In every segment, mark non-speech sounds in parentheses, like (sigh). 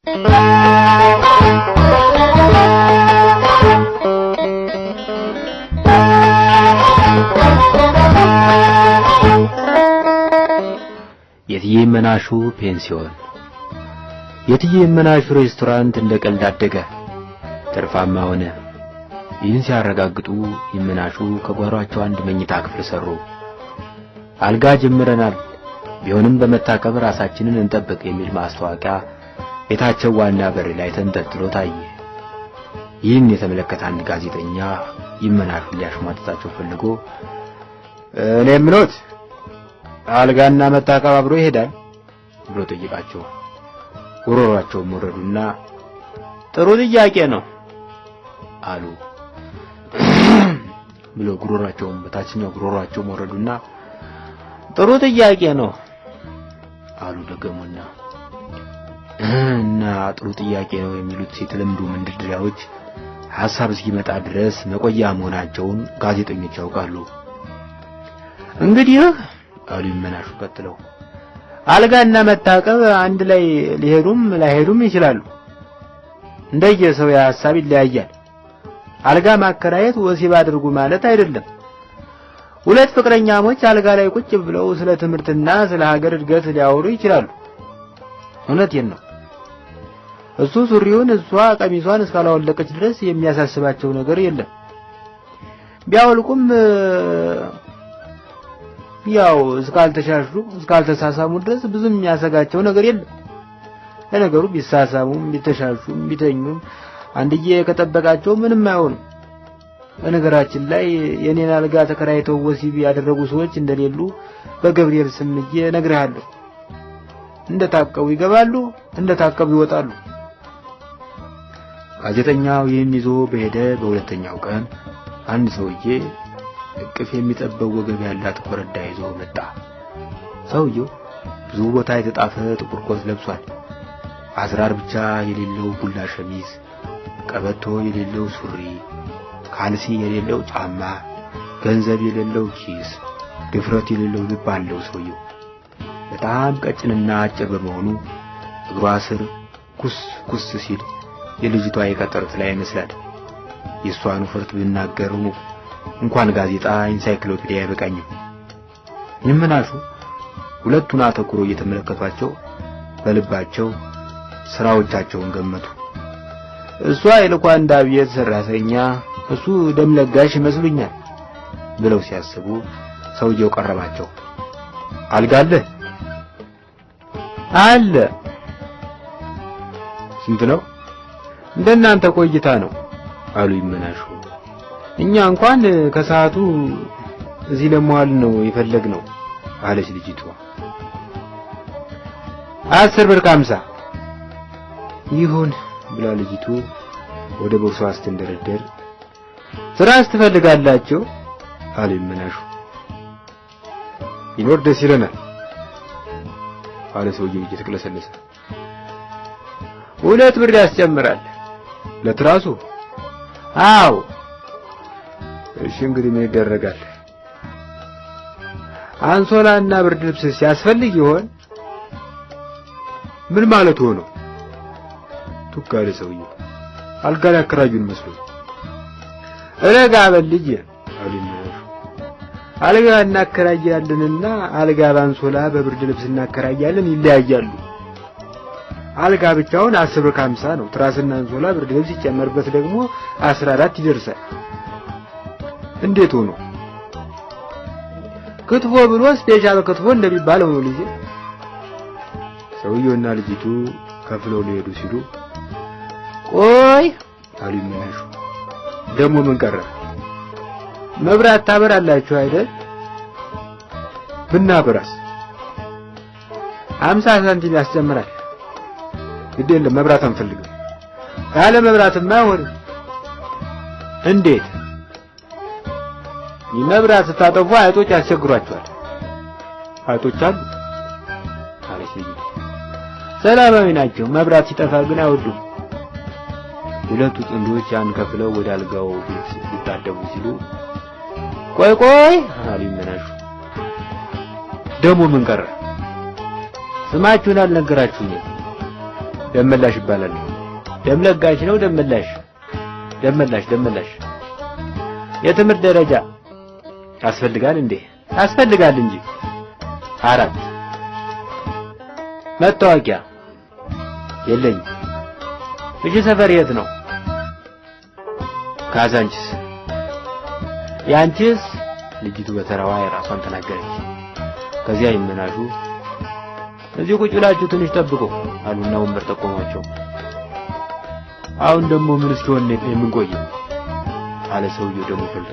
የትዬ መናሹ ፔንሲዮን የትዬ መናሹ ሬስቶራንት እንደ ቀልድ አደገ፣ ትርፋማ ሆነ። ይህን ሲያረጋግጡ ይመናሹ ከጓሯቸው አንድ መኝታ ክፍል ሰሩ። አልጋ ጀምረናል፣ ቢሆንም በመታቀብ ራሳችንን እንጠብቅ የሚል ማስታወቂያ ቤታቸው ዋና በር ላይ ተንጠልጥሎ ታየ። ይህን የተመለከተ አንድ ጋዜጠኛ ይመናሹን ሊያሽሟጥጣቸው ፈልጎ እኔ የምሎት አልጋና መታቀብ አብሮ ይሄዳል ብሎ ጠይቃቸው። ጉሮሯቸውም ወረዱና ጥሩ ጥያቄ ነው አሉ (clears throat) ብሎ ጉሮሯቸውን በታችኛው ጉሮሯቸው ወረዱና ጥሩ ጥያቄ ነው አሉ ደገሙና እና ጥሩ ጥያቄ ነው የሚሉት የተለምዶ መንደርደሪያዎች ሐሳብ እስኪመጣ ድረስ መቆያ መሆናቸውን ጋዜጠኞች ያውቃሉ። እንግዲህ አሉ ይመናሹ ቀጥለው አልጋና መታቀብ አንድ ላይ ሊሄዱም ላይሄዱም ይችላሉ። እንደየ ሰው የሐሳብ ይለያያል። አልጋ ማከራየት ወሲብ አድርጉ ማለት አይደለም። ሁለት ፍቅረኛሞች አልጋ ላይ ቁጭ ብለው ስለ ትምህርትና ስለ ሀገር እድገት ሊያወሩ ይችላሉ። እውነቴን ነው። እሱ ሱሪውን እሷ ቀሚሷን እስካላወለቀች ድረስ የሚያሳስባቸው ነገር የለም። ቢያወልቁም ያው እስካልተሻሹ እስካልተሳሳሙ ድረስ ብዙ የሚያሰጋቸው ነገር የለም። ለነገሩ ቢሳሳሙም ቢተሻሹም ቢተኙም አንድዬ ከጠበቃቸው ምንም አይሆኑም በነገራችን ላይ የኔን አልጋ ተከራይተው ወሲብ ያደረጉ ሰዎች እንደሌሉ በገብርኤል ስምዬ ነግርሃለሁ። እንደታቀቡ ይገባሉ፣ እንደታቀቡ ይወጣሉ። ጋዜጠኛው ይህን ይዞ በሄደ በሁለተኛው ቀን አንድ ሰውዬ እቅፍ የሚጠበው ወገብ ያላት ኮረዳ ይዞ መጣ። ሰውየው ብዙ ቦታ የተጣፈ ጥቁር ኮት ለብሷል። አዝራር ብቻ የሌለው ቡላ ሸሚዝ፣ ቀበቶ የሌለው ሱሪ፣ ካልሲ የሌለው ጫማ፣ ገንዘብ የሌለው ኪስ፣ ድፍረት የሌለው ልብ አለው። ሰውየው በጣም ቀጭንና አጭር በመሆኑ እግሯ ስር ኩስ ኩስ ሲል የልጅቷ የቀጠሩት ላይ ይመስላል። የእሷን ውፍረት ብናገሩ እንኳን ጋዜጣ ኢንሳይክሎፒዲያ አይበቃኝም። ይምናሹ ሁለቱን አተኩሮ እየተመለከቷቸው በልባቸው ስራዎቻቸውን ገመቱ። እሷ የልኳንዳ ቤት ሰራተኛ፣ እሱ ደም ለጋሽ ይመስሉኛል ብለው ሲያስቡ ሰውየው ቀረባቸው። አልጋለ አለ። ስንት ነው? እንደናንተ ቆይታ ነው አሉ ይመናሹ። እኛ እንኳን ከሰዓቱ እዚህ ለመዋል ነው የፈለግነው አለች ልጅቷ። አስር ብር ከሀምሳ ይሁን ብላ ልጅቱ ወደ ቦርሷ ስትንደረደር ትራስ ትፈልጋላችሁ አሉ ይመናሹ። ይኖር ደስ ይለናል አለ ሰውየው እየተቅለሰለሰ። ሁለት ብር ያስጨምራል ለትራሱ? አዎ። እሺ እንግዲህ ምን ይደረጋል? አንሶላና ብርድ ልብስ ሲያስፈልግ ይሆን? ምን ማለት ሆኖ? ቱካሪ አለ ሰውዬው። አልጋ ላይ አከራዩን መስሎ እረጋ በል ልጄ አሉኝ። አልጋ እናከራያለንና አልጋ ባንሶላ በብርድ ልብስ እናከራያለን ይለያያሉ። አልጋ ብቻውን 10 ብር 50 ነው። ትራስና አንሶላ ብርድ ልብስ ሲጨመርበት ደግሞ 14 ይደርሳል። እንዴት ሆኖ ክትፎ ብሎ ስፔሻል ክትፎ እንደሚባለው ነው ልጄ። ሰውየውና ልጅቱ ከፍለው ሊሄዱ ሲሉ ቆይ አሉ። ምንሹ ደግሞ ምን ቀረ? መብራት ታበራላችሁ አይደል? ብናብራስ! አምሳ ሳንቲም ያስጨምራል። ግድ የለም መብራት አንፈልግም። ያለ መብራትማ አይሆንም። እንዴት መብራት ስታጠፉ አይጦች ያስቸግሯቸዋል። አይጦች አሉ አለች ልጅ። ሰላማዊ ናቸው። መብራት ሲጠፋ ግን አይወዱም። ሁለቱ ጥንዶች ያን ከፍለው ወደ አልጋው ቤት ሊታደቡ ሲሉ ቆይ ቆይ አሉ ይመናሹ። ደግሞ ምን ቀረ? ስማችሁን አልነገራችሁኝም ደመላሽ ይባላል። ደምለጋሽ ነው። ደመላሽ ደመላሽ ደመላሽ የትምህርት ደረጃ ያስፈልጋል እንዴ? ያስፈልጋል እንጂ። አራት መታወቂያ የለኝ። እሺ፣ ሰፈር የት ነው? ካዛንችስ። ያንቺስ? ልጅቱ በተራዋ የራሷን ተናገረች። ከዚያ ይመናሹ እዚህ ቁጭ ብላችሁ ትንሽ ጠብቁ አሉና ወንበር ጠቆሟቸው። አሁን ደግሞ ምን እስኪሆን የምንቆይ አለ ሰውየው ደግሞ ፈልቶ።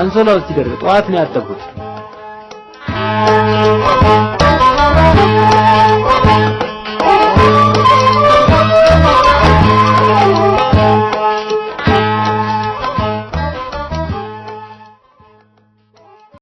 አንሶላው እስኪደርቅ ጠዋት ነው ያጠብኩት።